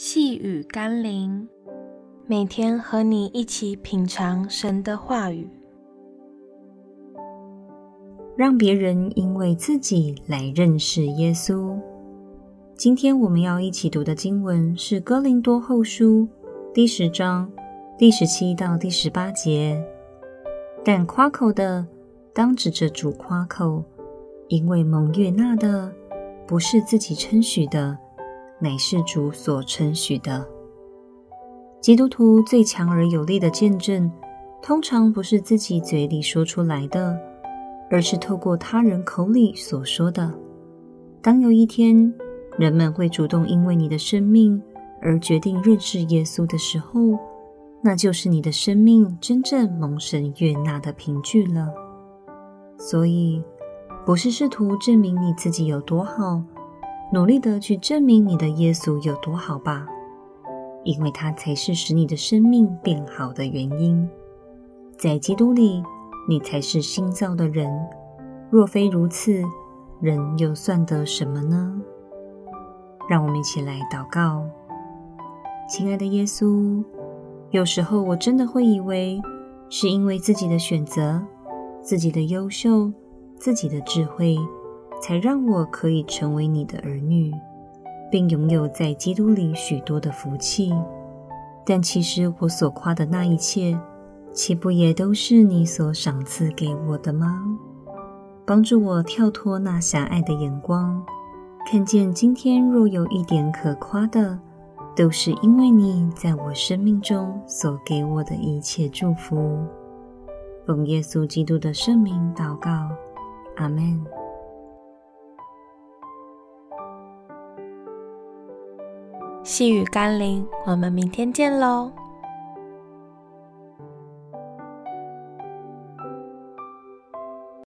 細語甘霖，每天和你一起品嘗神的話語，讓別人因為自己來認識耶穌。今天我們要一起讀的經文是《哥林多後書》第十章第十七到第十八節。但誇口的，當指着主誇口，因為蒙悅納的，不是自己稱許的。乃是主所稱許的。基督徒最強而有力的見證，通常不是自己嘴裡說出來的，而是透過他人口裡所說的。當有一天，人們會主動因為你的生命而決定認識耶穌的時候，那就是你的生命真正蒙神悅納的憑據了。所以，不是試圖證明你自己有多好。努力地去證明你的耶穌有多好吧，因為他才是使你的生命變好的原因。在基督裡，你才是新造的人。若非如此，人又算得什麼呢？讓我們一起來禱告。親愛的耶穌，有時候我真的會以為是因為自己的選擇、自己的優秀、自己的智慧。才讓我可以成為你的兒女，並擁有在基督裡許多的福氣。但其實我所誇的那一切，豈不也都是你所賞賜給我的嗎？幫助我跳脫那狹隘的眼光，看見今天若有一點可誇的，都是因為你在我生命中所給我的一切祝福。奉耶穌基督的聖名禱告，阿們。細語甘霖，我們明天見嘍。